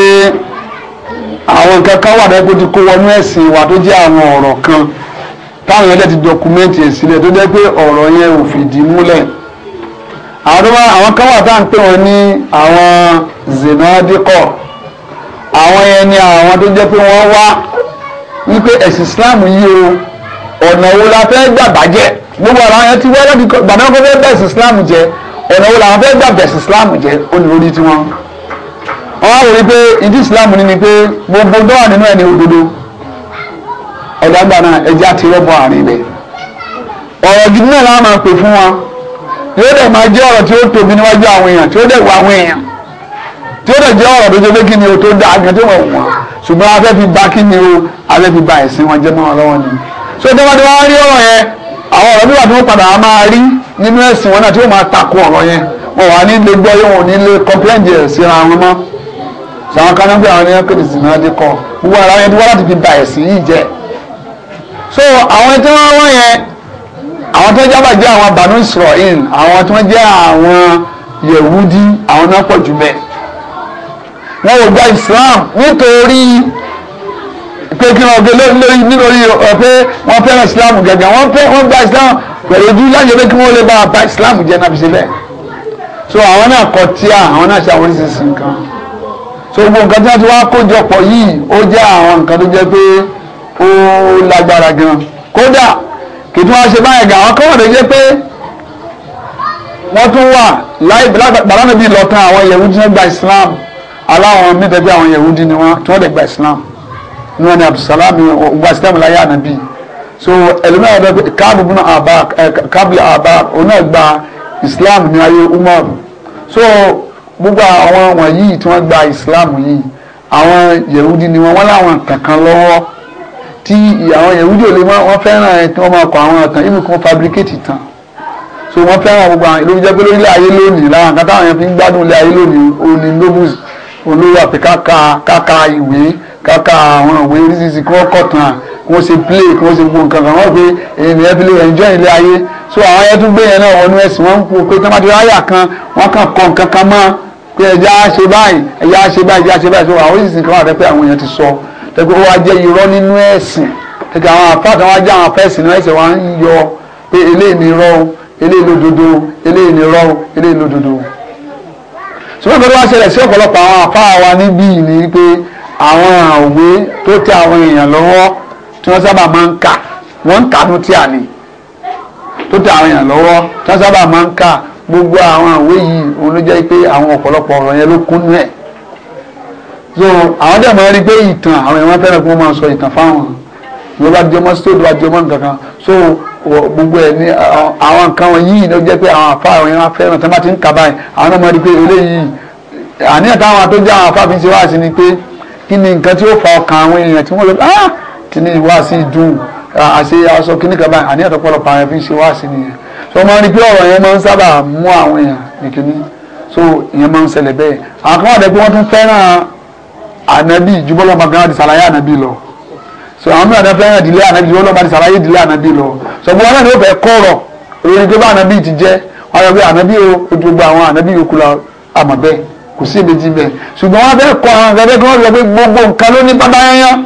àwọn nǹkan kan wà lẹ́gbẹ̀ẹ́ ti kó wọnú ẹ̀sìn wa tó jẹ́ àwọn ọ̀rọ̀ kan táwọn yẹn ti dọkumẹ́ntì ẹ̀ sílẹ̀ tó jẹ́ pé ọ̀rọ̀ yẹn ò fìdí múlẹ̀ àwọn tó bá àwọn kan wà tá à ń pè wọ́n ní àwọn zinadikọ̀ àwọn yẹn ni àwọn tó jẹ́ pé wọ́n wá wípé ẹ̀sìn Islam yìí o ọ̀nà wo la fẹ́ gbà bàjẹ́ gbogbo àwọn yẹn ti wá láti gbàdá kó fẹ́ bẹ̀sìn Islam jẹ ọ̀nà wo làwọn fẹ́ gbà bẹ̀sìn Islam jẹ ó ní orí tiwọn. wọ́n á wò wípé ìdí Islam ni ni pé gbogbo dọ́wà nínú ẹni òdodo ọ̀dàgbà náà ẹjẹ́ àti rọ́pò àárín ibẹ̀ ọ̀rọ̀ gidi náà la máa pè fún wa yóò dẹ̀ máa jẹ́ ọ̀rọ̀ tí ó tóbi níwájú àwọn èèyàn tí ó dẹ̀ wọ àwọn èèyàn tí ó dẹ̀ jẹ́ ọ̀rọ̀ tó jẹ́ pé kí ni o tó dáa gan tó wọ̀ wọ́n ṣùgbọ́n a fẹ́ fi ba kí ni o a fẹ́ fi ba ẹ̀sìn wọn jẹ́ mọ́ wọn lọ́wọ́ ni so tó bá ti wá rí ọ̀rọ̀ yẹn àwọn ọ̀rọ̀ nígbà tí wọ́n padà máa rí nínú ẹ̀sìn wọn náà tí ó máa takò ọ̀rọ̀ yẹn wọn wà ní so àwọn tí wọ́n wọ́n yẹn àwọn tó jábà jẹ́ àwọn Banu Israel àwọn tí wọ́n jẹ́ àwọn Yehudi àwọn náà pọ̀ jù bẹ́ẹ̀ wọ́n ò gba Islam nítorí pé kí wọ́n gbé lórí nítorí pé wọ́n fẹ́ràn Islam gẹ́gẹ́ wọ́n fẹ́ wọ́n gba Islam pẹ̀lú ojú láyé pé kí wọ́n lè bá a bá Islam jẹ́ náà fi ṣe bẹ́ẹ̀ so àwọn náà kọ tíà àwọn náà ṣe àwọn oríṣiríṣi nǹkan so gbogbo nǹkan tí wọ́n ti wá kó jọpọ̀ yìí ó jẹ́ àwọn nǹkan tó jẹ́ pé ó lágbára gan kódà kì í tún wá ṣe báyìí gan àwọn kọ́wọ́n lè jẹ́ pé wọ́n tún wà láì bàbá mi bí lọ àwọn yẹ̀wúdí náà gba Islam aláwọn mẹ́tẹ̀ẹ̀bí àwọn yẹ̀wúdí ni wọ́n tí wọ́n lè gba Islam ní wọn ni Abdulsalam gba Islam láyé ànábì so ẹlẹ́mìíràn bẹ́ẹ̀ pé káàbù bùnà àbá káàbù àbá òun náà gba Islam ní ayé Umar so gbogbo àwọn wọ̀nyí tí wọ́n gba Islam yìí àwọn yẹ̀wúdí ni wọ́n wọ́n láwọn kankan lọ́wọ́ tí àwọn yẹ̀wúdí ò lè mọ́ wọ́n fẹ́ràn ẹ̀ tí wọ́n máa kọ àwọn ọ̀tàn yìí nìkan fabricate tán so wọ́n fẹ́ràn gbogbo àwọn ìlú jẹ́ pé lórílẹ̀ ayé lónìí láwọn kan táwọn yẹn fi ń gbádùn ilé ayé lónìí òní nobles olówó àti káka káka ìwé káka àwọn ìwé rísìsì kí wọ́n kọ̀ tán kí wọ́n ṣe play kí wọ́n ṣe gbogbo nǹkan kan wọ́n pe ènìyàn fi lè enjoy ilé ayé so àwọn ayé tún gbé yẹn náà wọnú ẹ̀sìn wọ́n ń po pé tọ́mátì ráyà kan wọ́n kàn kọ nǹkan kan mọ́ pé ẹja ṣe báyìí ẹja ṣe báyìí ẹja ṣe báyìí so àwọn oríṣiríṣi nǹkan wà fẹ́ pé àwọn èèyàn ti sọ tẹ́gbẹ́ ó wá jẹ́ irọ́ nínú ẹ̀sìn tẹ́gbẹ́ àwọn afá kan wá jẹ́ àwọn afẹ́sìn náà ẹ̀sìn wá ń yọ pé eléyìí ni irọ́ eléyìí lódodo eléyìí ni irọ́ eléyìí lódodo. ṣùgbọ́n ìgbà tó wá ṣẹlẹ̀ sí ọ̀pọ̀lọpọ̀ àwọn afá wa níbí ni pé àwọn àwé tó tẹ àwọn èèyàn lọ́wọ́ tí wọ́n sábà máa ń kà wọ́n ń kà ní tí à ní tó tẹ àwọn èèyàn lọ́wọ́ tí wọ́n sábà máa ń kà gbogbo àwọn àwé yìí òun ló jẹ́ pé àwọn ọ̀pọ̀lọpọ̀ ọ̀rọ̀ yẹn ló kún nú ẹ̀ so àwọn dẹ̀ máa rí pé ìtàn àwọn ẹ̀wọ̀n fẹ́ràn kí wọ́n máa sọ ìtàn fáwọn yóò bá jẹmọ́ stóòdù bá jẹmọ́ nǹkan kan so gbogbo ẹ̀ ní àwọn nǹkan wọn yìí ló jẹ́ pé àwọn àfa àwọn ẹ̀wọ̀n fẹ́ràn tí wọ́n bá ti ń kà báyìí àwọn náà máa rí pé eléyìí àníyàn táwọn tó jẹ́ àwọn àfa fi ń ṣe wá sí ni pé kí ni nǹkan tí ó fa ọkàn àwọn èèyàn tí wọ́n lọ ah kí ni wá sí dùn àṣe aṣọ kí ni kà báyìí àníyàn tó pọ̀lọpọ̀ àwọn fi ń ṣe wá sí nìyẹn so wọ́n máa rí pé ọ̀rọ̀ yẹn máa ń sábà mú àwọn èèyàn nìkíní so ìyẹn máa ń ṣẹlẹ̀ bẹ́ẹ̀ àwọn kan wà dẹ́ pé wọ́n tún fẹ́ràn ànábì jùbọ́lọ́ ọba gan ti ṣàlàyé ànábì lọ sọ àwọn mìíràn náà fẹ́ràn ìdílé ànábì jùbọ́lọ́ ọba ti ṣàlàyé ìdílé ànábì lọ sọ gbogbo ọlọ́run yóò fẹ́ kọ̀rọ̀ lórí pé bá ànábì ti jẹ́ wọ́n yọ pé ànábì o ojú gbogbo àwọn ànábì yòókù la àmọ̀ bẹ́ẹ̀ kò sí ìbejì bẹ́ẹ̀ ṣùgbọ́n wọ́n fẹ́ kọ́ àwọn fẹ́ kí wọ́n sọ pé gbogbo nǹkan ló ní bábá yányán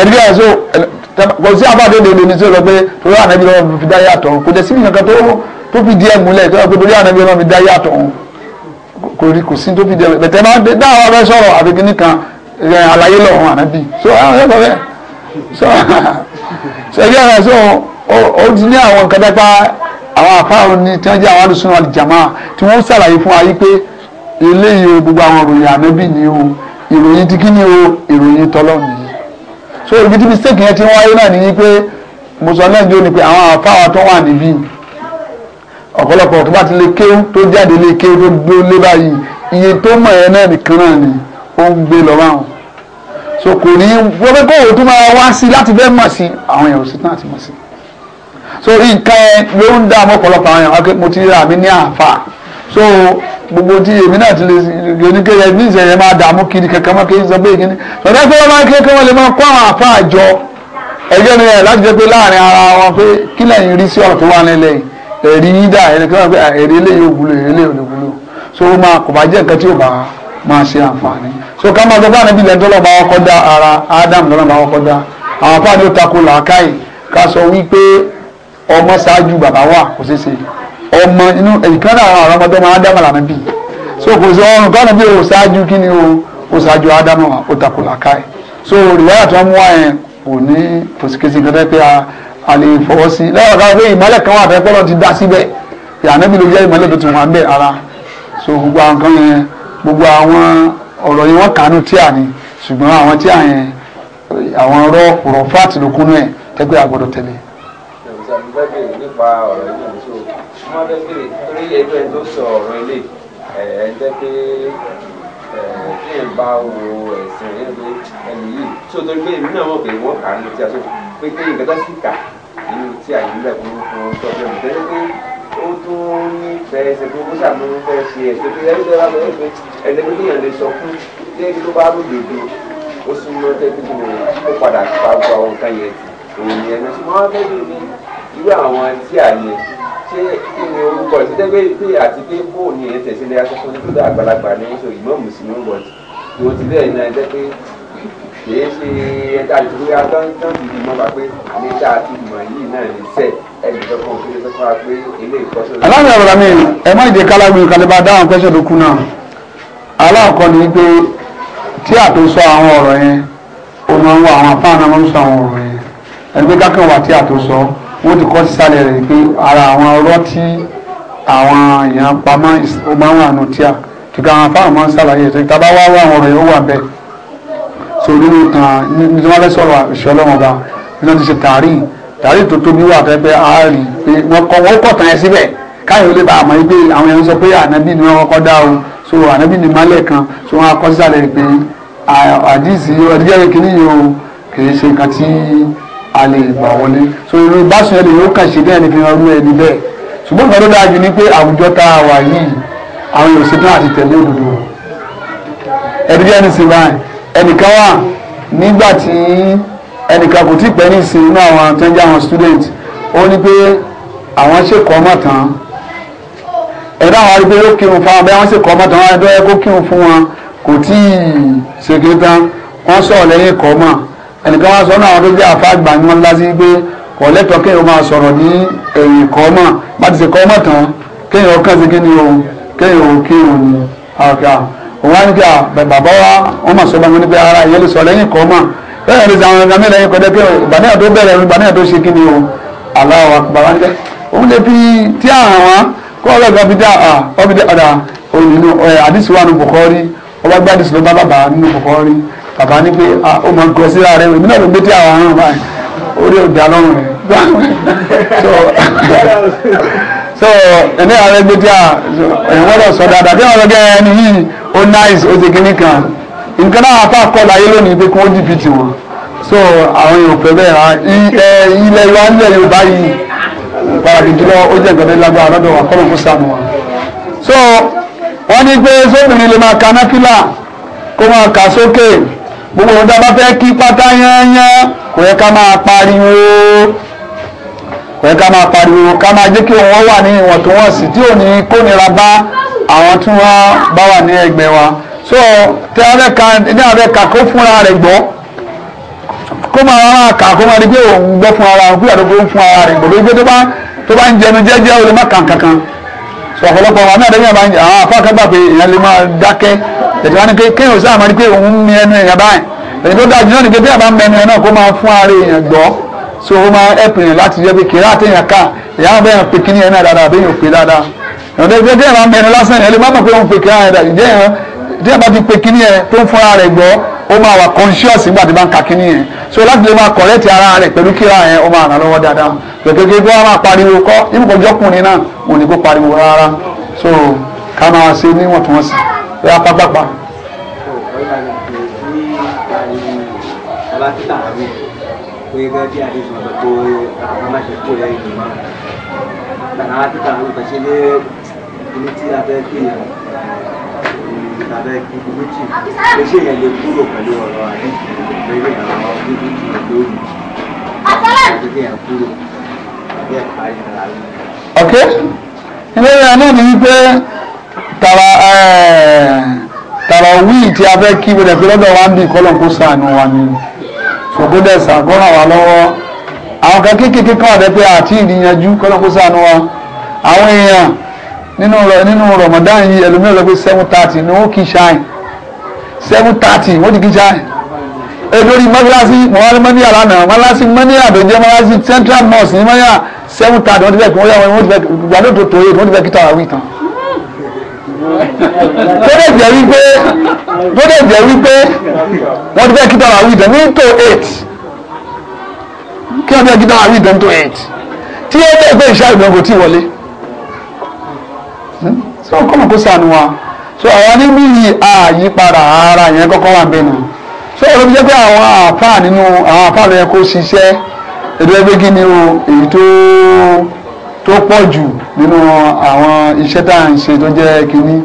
ẹ̀rí àìsó kò sí àbáde lèlè ní tí ó lọ pé torí ànábì ọlọ́run fi dá yàtọ̀ kò dẹ̀ sí nǹkan tó fi di ẹ̀ tó yẹ pé torí ànábì ọlọ́run fi dá kò rí kò sí tó fi dẹ́rẹ́ bẹ̀tẹ̀ bá dé dáhùn abẹ́ sọ̀rọ̀ àbí kíní kan àlàyé lọ́rùn ànábì so àwọn ẹ̀kọ́ bẹ́ẹ̀ so ṣẹ̀yẹ́ *laughs* rẹ̀ so ó ti ní àwọn nǹkan dẹ́pá àwọn àfáàrù ni tí wọ́n jẹ́ àwọn àdùsùn àti jàmá tí wọ́n ṣàlàyé fún wa yí pé eléyìí o gbogbo àwọn ìròyìn ànábì ni o ìròyìn ti kí ni o ìròyìn tọ́lọ́ nìyí so ibi mistake yẹn ti wáyé náà ni yí pé mùsùlùmí náà ni pé àwọn àfáà tó wà níbí ọ̀pọ̀lọpọ̀ tó bá ti lè kéwú tó jáde lè kéwú tó gbé lé báyìí iye tó mọ̀ ẹ́ náà nìkan náà ni ó ń gbé lọ báwọn so kò ní wọ́pẹ́ kó o tún máa wá sí láti fẹ́ mọ̀ sí àwọn èèyàn ò sí tán àti mọ̀ sí so nǹkan ẹ ló ń dààmú ọ̀pọ̀lọpọ̀ àwọn èèyàn mo ti rà mí ní àǹfà so gbogbo tí èmi náà ti lè oníkéyà ní ìṣẹ̀yẹ máa dààmú kiri kankan mọ́ kéyìn sọ pé ìkíní ọ̀dọ́ pé wọ́n máa ń kékeré wọn lè máa kó àwọn àfa àjọ ẹgbẹ́ mi rẹ̀ láti jẹ́ pé láàrin ara wọn pé kílẹ̀ yìí rí sí ọ̀rọ̀ tó nílẹ̀ yìí ẹ̀rí yídà ẹni kí wọ́n pẹ́ ẹ̀rí eléyìí ò wúlò ẹ̀rí eléyìí ò lè wúlò so ó máa kò bá jẹ́ nǹkan tí ò bá máa ṣe àǹfààní so ká máa sọ fún ànábì lẹ́ńtọ́ lọ́ba ọkọ̀ dá ara Adam lọ́nà bá ọkọ̀ dá àwọn afáàní ó takò làákàyè ká sọ wípé ọmọ ṣáájú bàbá wà kò ṣeé ṣe ọmọ inú ìkan náà àwọn ọmọdé ọmọ Adam lànàbì so kò sí ọrùn kọ́nà bí o ṣáájú kí ni o o ṣáájú Adam ó takò làákàyè so rìwáyà tó ń wá yẹn kò ní kò sí kí a lè fọwọ́ sí i lẹ́yìn ọ̀gá pé ìmọ́lẹ̀ kan wà fẹ́ pọ́lọ́ ti dá síbẹ̀ ìyànẹ́bí ló jẹ́ ìmọ́lẹ̀ tó ti wà ń bẹ̀ ara so gbogbo àwọn kan yẹn gbogbo àwọn ọ̀rọ̀ yẹn wọ́n kànú tíà ni ṣùgbọ́n àwọn tíà yẹn àwọn ọ̀rọ̀ ọ̀rọ̀ fáàtì ló kúnú ẹ̀ tẹ́gbẹ́ àgbọ̀dọ̀ tẹ̀lé. ṣùgbọ́n irú tí àyè ń lẹ̀kún fún tọ́jú ẹ̀mí tẹ́lẹ̀ pé ó tún ní bẹ́ẹ̀ ṣe pé ó ṣàmú fẹ́ ṣe ẹ̀ṣẹ̀ pé ẹ̀ṣẹ̀ bá bẹ̀rẹ̀ pé ẹ̀ṣẹ̀ pé kéèyàn lè sọ fún léèdì tó bá rògbòdò ó súnmọ́ tẹ́tí tó ó padà pa gbọ́ àwọn nǹkan yẹn tì òun yẹn lọ sí wọn fẹ́ bí bí irú àwọn tí àyè ṣé kí ni orúkọ ìṣẹ́jẹ́ pé pé àti pé bóòlù yẹn tẹ̀sílẹ̀ akọ́kọ́ tó dá àgbàlagbà ni wọ́n sọ ìgbọ́n mùsùlùmí wọ̀nyí kìí ṣe ẹja ìdúróyà tán dìde mọ́ bá pé ní dáa ti mọ̀ yìí náà lè sẹ̀ ẹnì kankan òfin lè fẹ́ pé ilé ìkọ́sọ́. aláàbẹ̀ ọ̀rọ̀ mi ẹ má ìdè kálágbé kalẹ̀ bá dáhùn pẹ́sẹ̀ tó kú náà aláàkọ́ ni pé tí àtúnṣọ àwọn ọ̀rọ̀ yẹn ó máa ń wọ àwọn afáàná máa ń sọ àwọn ọ̀rọ̀ yẹn ẹni pé kákan wà tí àtúnṣọ wọ́n ti kọ́ sísàlẹ̀ rẹ̀ pé ara àwọn ọ̀rọ̀ tí àwọn èèyàn pamọ́ ó máa ń wà nù tíà kíkà àwọn afáàná máa ń sàlàyé ẹ̀ tábà wá wá àwọn ọ̀rọ̀ yẹn ó wà bẹ́ẹ̀ sórí ní wọ́n fẹ́ sọ̀rọ̀ ìṣẹ́ ọlọ́run ọba iná ti ṣe tààrí tààrí tó tóbi wà pẹ́pẹ́ àárín ah, pé wọ́n kọ́ wọ́n kọ̀ tán ẹ síbẹ̀ káyọ̀ lè ba àmọ́ yìí pé àwọn èèyàn sọ pé ànábì ni wọ́n kọ́kọ́ dá o so ànábì ni malẹ̀ kan so wọ́n akọ́ sísàlẹ̀ pé àdìsí ọdíjẹ́ kìíní yìí o kìí ṣe nǹkan tí a lè gbà wọlé so irú ìbásun ẹni yóò kàn ṣe bẹ́ẹ̀ ni fi hàn rú ẹni bẹ́ẹ̀ ṣùgbọ́n nǹkan tó dáa jù ni pé àwùjọ tá a wà yìí àwọn yóò ṣetán àti tẹ̀lé òdodo ẹ̀díjẹ́ ni sì báyìí ẹnìkan wà nígbà tí ẹnìkan kò tí pẹ́ ní ìsìn inú àwọn tó àwọn student ó ní pé àwọn ṣèkọ́ ọmọ tán ẹ̀dá àwọn arúgbó yóò kírun fún wọn bẹ́ẹ̀ wọ́n sì kọ́ ọmọ tán wọn ẹ̀dọ́ yẹ kó kírun fún wọn kò tí ì ṣègbè tán wọ́n sọ̀rọ̀ lẹ́yìn kọ́ mọ̀ ẹnìkan wọn sọ náà àwọn tó jẹ́ àfa àgbà ni wọ́n lásì pé kò lẹ́tọ̀ọ́ kéèyàn máa sọ̀rọ̀ ní ẹ̀yìn kọ́ mọ̀ bá ti ṣe kọ́ mọ̀ tán kéèyàn ọkàn ṣe kí ni o kéèyàn ò kírun ni àkà òun á ní kí bàbá wa wọn mà sọ wọn ní pé ara ìyẹn sọ lẹ́yìn kọ́ mà bẹ́ẹ̀ ni sàwọn ọ̀gá mẹ́rin lẹ́yìn kọ́dẹ́ pé ìgbàdíyà tó bẹ̀rẹ̀ ìgbàdíyà tó ṣe kí ni o aláwọ̀ bàbá ní kẹ́ òun lè fi tí àwọn wa kó ọ̀rẹ́ kan fi dá ọ̀bí dá ọ̀dà òyìnbó àdìsí wa nu Bukhari ọba gbé àdìsí lọ bá bàbá nínú Bukhari bàbá ní pé ó máa gọ *laughs* so ẹni ààrẹ gbé díà ẹ̀wọ́n lọ sọ dáadáa bí wọ́n gẹ́ ẹni yìí ó náìs ó ti kíní kan nǹkan náà apá kọ́ láyé lónìí pé kí wọ́n wọn so àwọn èèyàn pẹ̀lú ẹ̀ ilẹ̀ wa ilẹ̀ Yorùbá yìí pàtàkì jùlọ ó jẹ́ nǹkan lágbára lọ́dọ̀ wa kọ́lọ̀ fún sànù wa so wọ́n ní pé sóbìnrin lè máa ka náfìlà kó máa kà sókè gbogbo ọ̀dà bá fẹ́ kí pátá yányán kò yẹ ká máa pariwo pé ká máa pariwo ká máa jẹ́ kí òun wà ní ìwọ̀ntúnwọ̀nsì tí ò ní kónira bá àwọn tí wọ́n bá wà ní ẹgbẹ́ wa so tí a fẹ́ ka ní a fẹ́ ka kó fúnra rẹ̀ gbọ́ kó máa wá kà kó máa di pé òun gbọ́ fún ara òun kúyà tó gbọ́ fún ara rẹ̀ gbọ́ pé tó bá tó bá ń jẹnu jẹ́jẹ́ o má kàn kankan so ọ̀pọ̀lọpọ̀ àwọn náà lẹ́yìn àbáyé àwọn afọ akẹ́gbà pé èèyàn lè máa dákẹ́ tètè wá ní pé kéèyàn ò sáà máa di pé òun mi ẹnu èèyàn báyìí èyí tó dájú náà ni pé bí àbá ń mẹnu ẹ náà kó máa fún ara èèyàn gbọ́ so o máa ẹ̀pìn yẹn láti jẹ́ pé kìlá àtẹ̀yàn ká ìyá àwọn bẹ́ẹ̀ pé kíní yẹn náà dáadáa àbẹ́yìn òpè dáadáa ìrọ̀lẹ́ ìgbẹ́ díẹ̀ máa ń mẹ́rin lásán yẹn lè má mọ̀ pé òun pè kíní yẹn dáadáa ìjẹ́ yẹn díẹ̀ bá ti pè kíní yẹn tó ń fúnra rẹ̀ gbọ́ ó máa wà conscious nígbà tí bá ń ka kíní yẹn so láti lè máa correct ara rẹ̀ pẹ̀lú kíra yẹn ó máa ràn lọ́wọ́ dáadáa gẹ́gẹ́ bí wọ́n máa pariwo kọ́ ìmùkọ́jọ́kùnrin náà òun ní kó pariwo rárá so ká máa ṣe níwọ̀ntúnwọ̀nsì pé gẹ́gẹ́ bí àdéhùn ọ̀gbẹ́ pé àwọn máa ṣe kó rẹ̀ yìí mọ́ tànà áfíríkà àwọn ìfẹ́ ṣe lé ilé tí a fẹ́ pè é abẹ́ gbogbo méjì lè ṣe yẹn lè kúrò pẹ̀lú ọ̀rọ̀ àdéhùn lórí àwọn méjì lórí àdéhùn yẹn kúrò àbẹ́ parí ara rẹ̀. ok ilé ìyá náà ní wípé tàwa tàwa wíì tí a fẹ́ kí wọlé kòkó dẹ̀ sàn kó ràn wá lọ́wọ́ àwọn kan kéékèèké kan ọ̀dẹ́ pé àti ìdíyanjú kọ́lọ́kó sànú wa àwọn èèyàn nínú nínú Ramadan yìí ẹlòmíràn lọ pé seven thirty ni wọ́n kì í ṣáìn seven thirty wọ́n ti kì í ṣáìn edori mọ́sálásí mọ́wálé mọ́níyà lánàá mọ́sálásí mọ́níyà tó jẹ́ central mosque ní mọ́níyà seven thirty wọ́n ti fẹ́ kí wọ́n yà wọ́n ti fẹ́ gbàdúrà tó tó yé wọ́n ti fẹ́ kí tàwá wí tán tó dẹ̀ jẹ́ wípé tó dẹ̀ jẹ́ wípé wọ́n ti fẹ́ kí tára wí dán ní tó eight kí wọ́n fẹ́ kí tára wí dán tó eight tí ẹ bẹ́ẹ̀ gbé ìṣá ìdánwò tí wọlé so kọ́mọ̀ kó sànù wa so àwọn níbí yìí àyípadà ara yẹn kọ́kọ́ wà bẹ́ẹ̀ náà so olóbi jẹ́ pé àwọn àáfàá nínú àwọn àáfàá ló yẹ kó ṣiṣẹ́ èdè ẹgbẹ́ kí ni o èyí tó tó pọ̀ jù nínú àwọn iṣẹ́ tá à ń ṣe tó jẹ́ kínní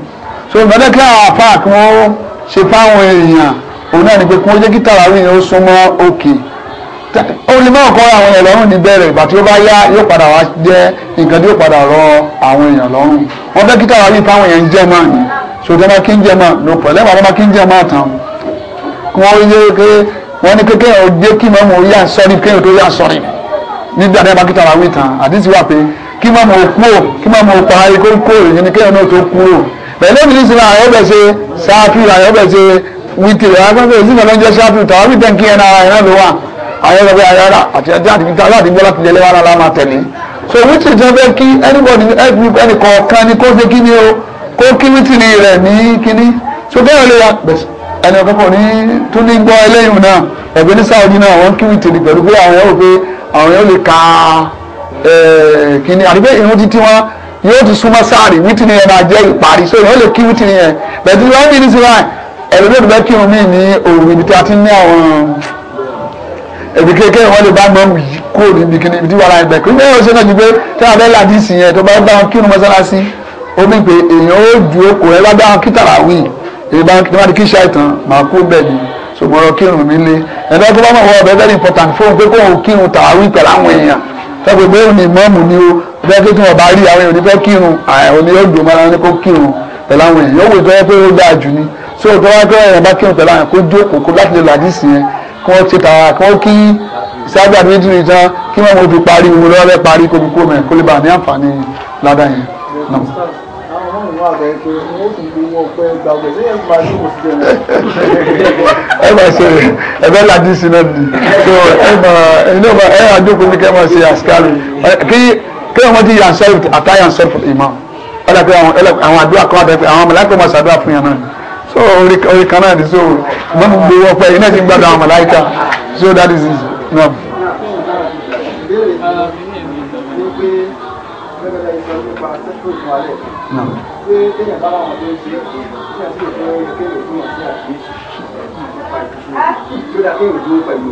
so ìgbàdé kí àwọn àfáà kí wọ́n ṣe fáwọn èèyàn òun náà ni pé kí wọ́n jẹ́ kí tàràwí yẹn ó súnmọ́ òkè ó lè máa kọ́ àwọn èèyàn lọ́rùn ní bẹ̀rẹ̀ ìgbà tí ó bá yá yóò padà wá jẹ́ nǹkan tí yóò padà rọ àwọn èèyàn lọ́rùn wọ́n fẹ́ kí tàràwí fáwọn èèyàn ń jẹ́ máa ní so tí wọ́n bá kí ń jẹ́ máa ló pọ̀ lẹ́gbàá wọ́n bá kí ń jẹ́ máa tàn kí wọ́n yé pé wọ́n ní kékeré ọ̀gbẹ́ kí mọ́mú yá sọ́rí kéèyàn tó yá sọ́rí nígbà tí wọ́n bá kí tàràwí tàn àdìsí wà pé kí má mọ̀ kúrò kí má mọ̀ pa ikó kúrò yìí ni kéèyàn náà tó kúrò pẹ̀lú èmi ní sinmi àyọ̀ bẹ̀ ṣe ṣáàfì àyọ̀ bẹ̀ ṣe wíìtì àgbẹ̀fẹ̀ sí ìgbà lọ́jọ́ ṣáàfì tàwọn bí tẹ̀ǹkì ẹ̀nà ara ẹ̀rọ ló wà àyọ̀ ayára àti ajá àti bíi tàbí àtìgbọ́lá ti lẹ́lẹ́wà ara láma tẹ̀lé so wíìtì ti fẹ́ kí anybody any kọ̀ọ̀kan ni kó ṣe kí ni o kó kí wíìtì ni rẹ̀ ní kíní so bẹ́ẹ̀ lè ẹnì ọ̀kọ́kọ̀ ní tún ní gbọ́ ẹlẹ́yìn náà ọ̀gbẹ́ni sáwọ́dí náà wọ́n ni pẹ̀lú pé àwọn yóò lè ka Eh, kíní àti pé irun títí wọn yóò ti súnmọ́ sáàrì wítìrì yẹn máa jẹ́ ìparí so èèyàn lè kí wítìrì yẹn bẹ̀tí wọ́n ní nísìnyí báyìí ẹlòmíràn bẹ́ẹ̀ kírun míì ní òru ibi tí a ti ní àwọn èbí kékeré wọn lè bá gbọ́n kúrò níbi kíní ibi tí wàrà ẹgbẹ́ kí wọ́n ṣe náà ju pé tí a fẹ́ láti sìn yẹn tó bá bá wọn kírun mọ́sálásí ó ní pé èèyàn ó ju okò ẹ bá bá wọn kí tàràwì èyí bá wọn kí ṣàìtàn máa kú bẹ́ẹ̀ ni ṣùgbọ́n ọ̀rọ̀ kírun mi lé ẹ̀dá tó bá mọ̀ wọ́n ọ̀bẹ very important fóun pé kóun kírun tàràwì pẹ̀lú sọ́kè pé òun ni mọ́ọ̀mù ni ó ẹgbẹ́ pé kí wọ́n bá rí àwọn èèyàn nífẹ̀ẹ́ kírun àwọn ni yóò dùn mọ́ra ní kó kírun pẹ̀lú àwọn èèyàn yóò wò tó yẹ pé ó dáa jù ni o tó wá tó yẹ bá kírun pẹ̀lú àwọn kó jókòó kó láti lè làdísì yẹn kí wọ́n ti tàwa kí wọ́n kí sábà méjì ní tán kí wọ́n mo fi parí òun lọ́wọ́ parí kó mẹ́ kó lè bá ní àǹfààní ládàá yẹn fún àgbẹ̀ pé wọ́n sì gbé wọn pẹ́ gbàgbẹ́ lẹ́yìn ìgbà tí kò sí ẹ̀mọ́. ẹ máa ṣe ẹ bẹ́ẹ̀ lajú sí náà ni so ẹ máa iná máa ẹ àjókòó ní kẹ́ máa ṣe àṣìkárì kí kí wọ́n ti yàn sọ́ọ̀fù àtàyàn sọ́ọ̀fù ìmọ̀ ọ̀là pé àwọn àdúrà kan àtàyàn pé àwọn mọ̀láìkọ̀ máa ṣàdúrà fún yàn náà so orí orí kan náà ni so ìmọ̀ mi gbé wọ́n pẹ́ iná ti gbàdọ̀ àwọn mọ̀láìkà so that is it. No. Ah, no pé kéèyàn bá láwọn tó ń ṣe kéèyàn sì fẹ́ kéèyàn tó yàn sí àkíyèsí nípa ìṣòro tó dá kéèyàn dúró pẹ̀lú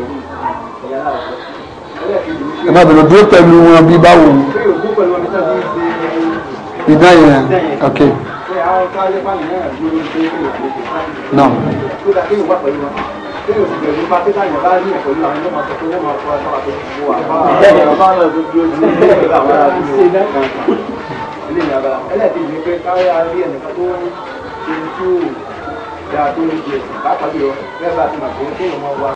ẹ̀yà láàbọ̀. ẹ má bẹ̀rẹ̀ dúró pẹ̀lú wọn bí báwo. kéèyàn dúró pẹ̀lú wọn bí sábà ń ṣe. ìdá yẹn ok. No. No ilé ìyá bá ẹlẹ́ẹ̀kejì ni pé káwé arí ẹnìkan tó ń ṣe tí ó dáa tó ń jẹ ẹ̀sìn pàápàá jùlọ bẹ́ẹ̀ bá ti mọ̀ pé kéèyàn mọ̀ wá.